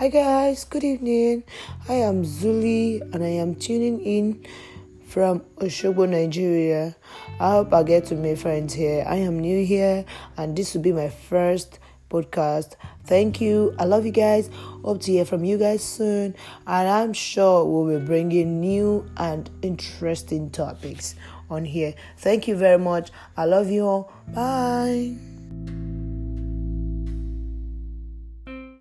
Hi guys, good evening. I am Zuli and I am tuning in from Oshobo, Nigeria. I hope I get to make friends here. I am new here and this will be my first podcast. Thank you. I love you guys. Hope to hear from you guys soon. And I'm sure we'll be bringing new and interesting topics on here. Thank you very much. I love you all. Bye.